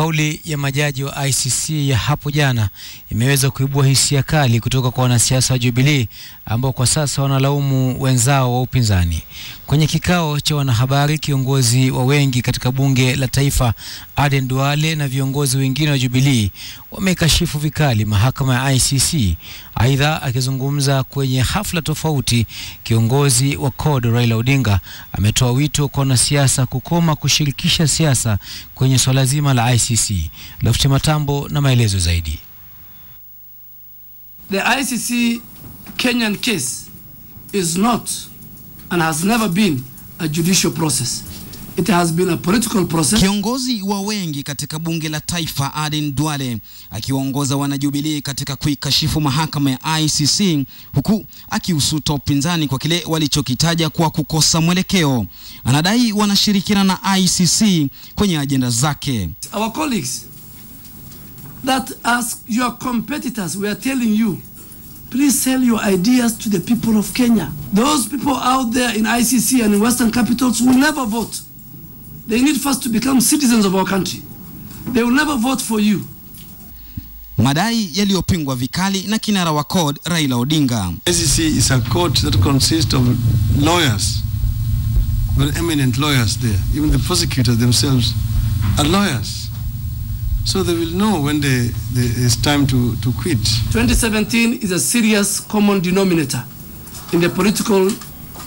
Kauli ya majaji wa ICC ya hapo jana imeweza kuibua hisia kali kutoka kwa wanasiasa wa Jubilee ambao kwa sasa wanalaumu wenzao wa upinzani. Kwenye kikao cha wanahabari, kiongozi wa wengi katika bunge la taifa Aden Duale na viongozi wengine wa Jubilee wamekashifu vikali mahakama ya ICC. Aidha, akizungumza kwenye hafla tofauti, kiongozi wa CORD Raila Odinga ametoa wito kwa wanasiasa kukoma kushirikisha siasa kwenye swala zima la ICC. ICC. Lafu matambo na maelezo zaidi. The ICC Kenyan case is not and has never been a judicial process. It has been a political process. Kiongozi wa wengi katika bunge la taifa Aden Duale akiwaongoza wanajubilii katika kuikashifu mahakama ya ICC huku akiusuta upinzani kwa kile walichokitaja kwa kukosa mwelekeo. Anadai wanashirikiana na ICC kwenye ajenda zake our colleagues, that as your competitors, we are telling you, please sell your ideas to the people of Kenya. Those people out there in ICC and in Western capitals will never vote. They need first to become citizens of our country. They will never vote for you. Madai yaliyopingwa vikali na kinara wa CORD Raila Odinga. ICC is a court that consists of lawyers, very eminent lawyers there, even the prosecutors themselves are lawyers. So they will know when they, they, it's time to, to quit. 2017 is a serious common denominator in the political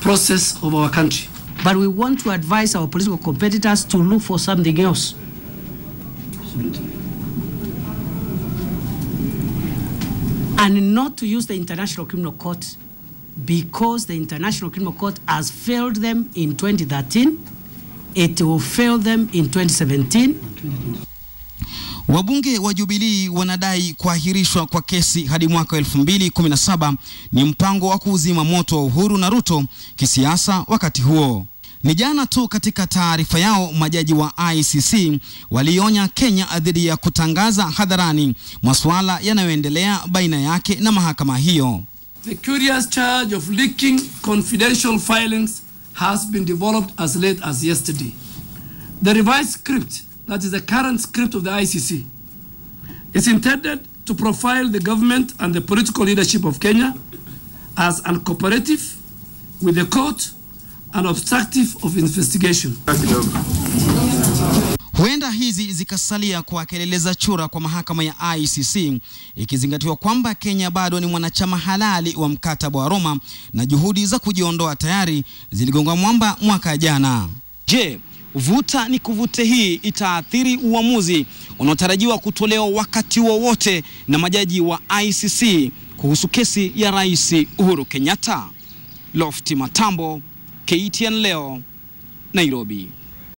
process of our country. But we want to advise our political competitors to look for something else. Absolutely. And not to use the International Criminal Court because the International Criminal Court has failed them in 2013 it will fail them in 2017. Wabunge wa Jubilee wanadai kuahirishwa kwa kesi hadi mwaka 2017 ni mpango wa kuuzima moto wa Uhuru na Ruto kisiasa wakati huo. Ni jana tu katika taarifa yao majaji wa ICC walionya Kenya dhidi ya kutangaza hadharani masuala yanayoendelea baina yake na mahakama hiyo. The curious charge of leaking confidential filings has been developed as late as yesterday. The revised script, that is the current script of the ICC, is intended to profile the government and the political leadership of Kenya as uncooperative with the court and obstructive of investigation. Huenda hizi zikasalia kwa chura kwa mahakama ya ICC ikizingatiwa kwamba Kenya bado ni mwanachama halali wa mkataba wa Roma na juhudi za kujiondoa tayari ziligonga mwamba mwaka jana. Je, vuta ni kuvute hii itaathiri uamuzi unaotarajiwa kutolewa wakati wowote wa na majaji wa ICC kuhusu kesi ya Rais Uhuru Kenyatta? Lofti Matambo, KTN leo, Nairobi.